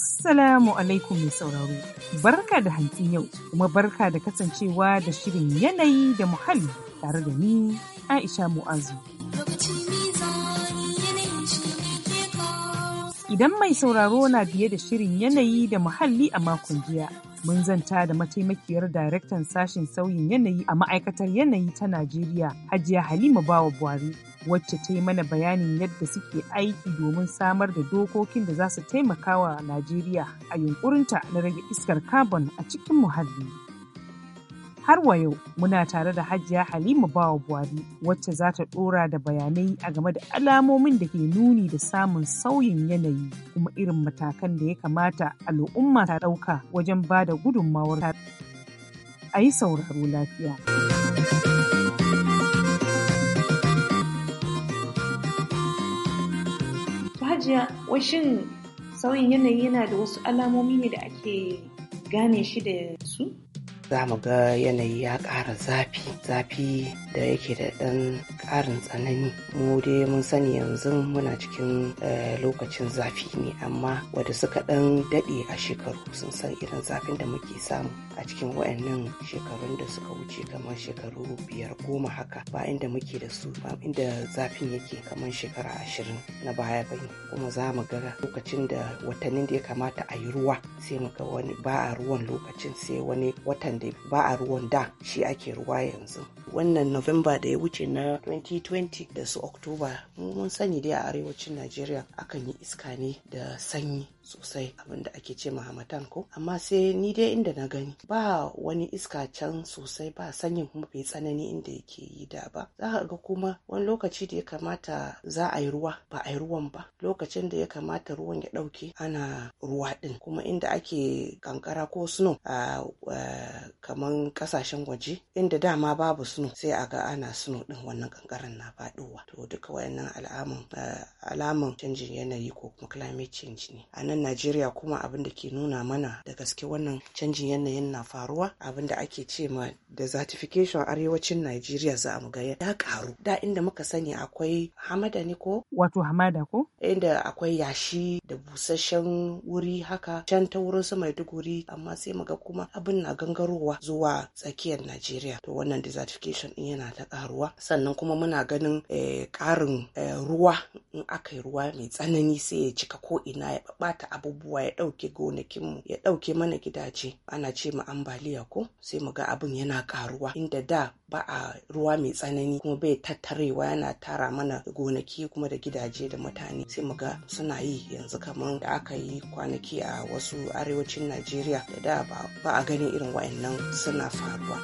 Assalamu alaikum mai sauraro, barka da hantsi yau kuma barka da kasancewa da shirin yanayi da muhalli tare da ni Aisha Mu'azu. Idan mai sauraro na biye da shirin yanayi da muhalli a makon jiya, mun zanta da mataimakiyar daraktan sashen sauyin yanayi a ma'aikatar yanayi ta Najeriya Hajiya Halima Bawa Buhari wacce ta yi mana bayanin yadda suke aiki domin samar da dokokin da za su taimaka wa Najeriya a yunkurinta na rage iskar carbon a cikin muhalli. Har wa yau muna tare da Hajiya Halima Bawa Buhari wacce za ta ɗora da bayanai a game da alamomin da ke nuni da samun sauyin yanayi kuma irin matakan da ya kamata al'umma ta ɗauka wajen ba da gudunmawar a yi sauraro lafiya. Hajiya, washin sauyin yanayi yana da wasu alamomi ne da ake gane shi da su? za mu ga yanayi ya ƙara zafi zafi da yake da ɗan tsarin tsanani mu dai mun sani yanzu muna cikin eh, lokacin zafi ne amma wadda suka ɗan daɗe a shekaru sun san irin zafin da muke samu a cikin wayannan shekarun da suka wuce kamar shekaru biyar goma haka ba inda muke da su ba inda zafin yake kamar shekara ashirin na baya bai kuma za mu ga lokacin da watannin da ya kamata a yi ruwa sai mu ga wani ba a ruwan lokacin sai wani watan da ba a ruwan da shi ake ruwa yanzu wannan November da ya wuce na 2020 da su Oktoba mun sani dai a arewacin Najeriya akan yi iska ne da sanyi sosai abinda ake ce mahamatan ko amma sai ni dai inda na gani ba wani iska can sosai ba sanyin kuma bai tsanani inda yake yi da ba za ka ga kuma wani lokaci da ya kamata za a yi ruwa ba a yi ruwan ba lokacin da ya kamata ruwan ya ɗauke ana ruwa ɗin kuma inda ake kankara ko snow a eh, kaman kasashen waje inda dama babu snow suno sai a ga ana suno din wannan kankaran na faduwa to duka wayannan alamun eh, alamun canjin yanayi ko kuma climate change ne a nan Najeriya kuma abin da ke nuna mana da gaske wannan canjin yanayin na faruwa abin da ake ce ma desertification arewacin Najeriya za mu ga ya karu da inda muka sani akwai hamada ne ko wato hamada ko inda akwai yashi da busasshen wuri haka can ta wurin su Maiduguri amma sai mu ga kuma abin na gangarowa zuwa tsakiyar Najeriya to wannan desertification irrigation din yana ta karuwa sannan kuma muna ganin eh, karin eh, ruwa in aka yi ruwa mai tsanani sai ya cika ko ina ya ɓata abubuwa ya dauke gonakinmu ya dauke mana gidaje ana ce mu ambaliya ko sai mu ga abin yana karuwa inda da ba a ruwa mai tsanani kuma bai tattarewa yana tara mana gonaki kuma da gidaje da mutane sai mu ga suna yi yanzu kamar da aka yi kwanaki a wasu arewacin najeriya da da ba a ganin irin wayannan suna faruwa.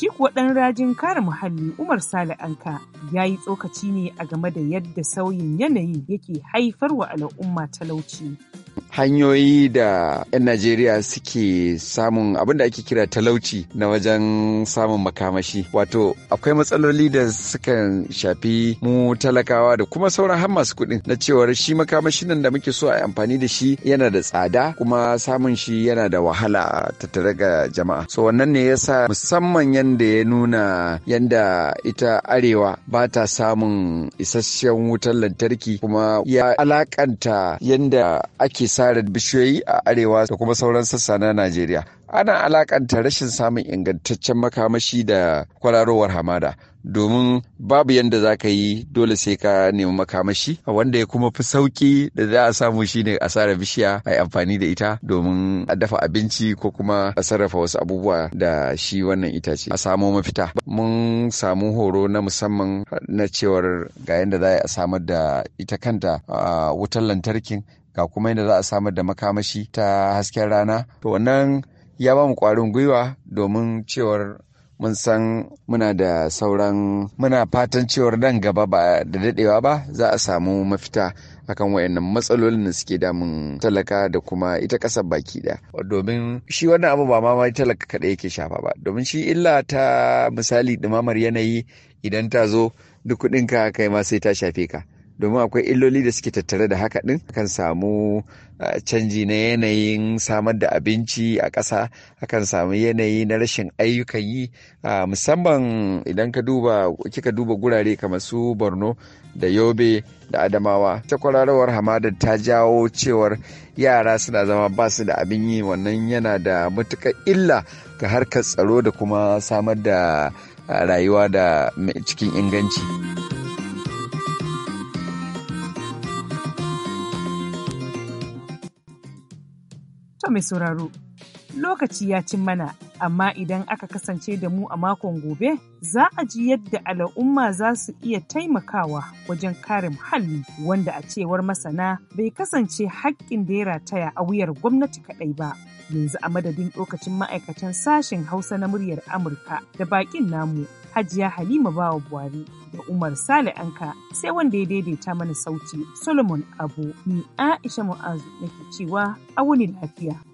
Shi kuwa ɗan rajin kare muhalli Umar Sale Anka ya yi tsokaci ne a game da yadda sauyin yanayi yake haifarwa al'umma talauci. hanyoyi da 'yan Najeriya suke samun abin da ake kira talauci na wajen samun makamashi. Wato akwai matsaloli da sukan shafi mu talakawa da kuma sauran har masu kuɗin na cewar shi makamashi nan da muke so a amfani da shi yana da tsada kuma samun shi yana da wahala tattare ga jama'a. So wannan ne yasa musamman yanda ya nuna yanda ita arewa ba ta samun isasshen wutar lantarki kuma ya alakanta yanda ake Asarar bishiyoyi a arewa da kuma sauran sassa na Najeriya. Ana alakanta rashin samun ingantaccen makamashi da kwararowar hamada. domin babu yadda za ka yi dole sai ka nemi makamashi wanda ya kuma fi sauki da za a samu shine a bishiya a amfani da ita domin a dafa abinci ko kuma a sarrafa wasu abubuwa da shi wannan itace a samo mafita mun samu horo na musamman na cewar ga yadda za a samar da ita kanta a ah, wutar lantarkin ga kuma yadda za a samar da makamashi ta hasken rana to wannan ya ba mu kwarin gwiwa domin cewar mun san muna da sauran muna fatan cewar nan gaba ba da dadewa ba za a samu mafita akan wayannan matsalolin da suke damun talaka da kuma ita kasar baki da domin shi wannan abu ba ma mai talaka kaɗai yake shafa ba domin shi illa ta misali ɗumamar yanayi idan ta zo duk ka kai ma sai ta shafe ka domin akwai illoli da suke tattare da haka din akan samu canji na yanayin samar da abinci a ƙasa akan samu yanayi na rashin ayyukan yi musamman idan ka duba kika duba gurare kamar su borno da yobe da adamawa ta kwararowar hamadar ta jawo cewar yara suna zama ba su da abin yi wannan yana da matuƙar illa ga harkar tsaro da kuma samar da rayuwa da cikin inganci. mai sauraro, lokaci ya cin mana, amma idan aka kasance da mu a makon gobe, za a ji yadda al'umma za su iya taimakawa wajen kare muhalli wanda a cewar masana bai kasance haƙƙin da ya rataya a wuyar gwamnati kaɗai ba. Yanzu a madadin lokacin ma'aikatan sashen Hausa na muryar Amurka da baƙin namu. Hajiya Halima Bawa Buhari da Umar Sale Anka sai wanda ya daidaita mana sauti Solomon Abu ni Aisha Mu'azu nake cewa a wuni lafiya.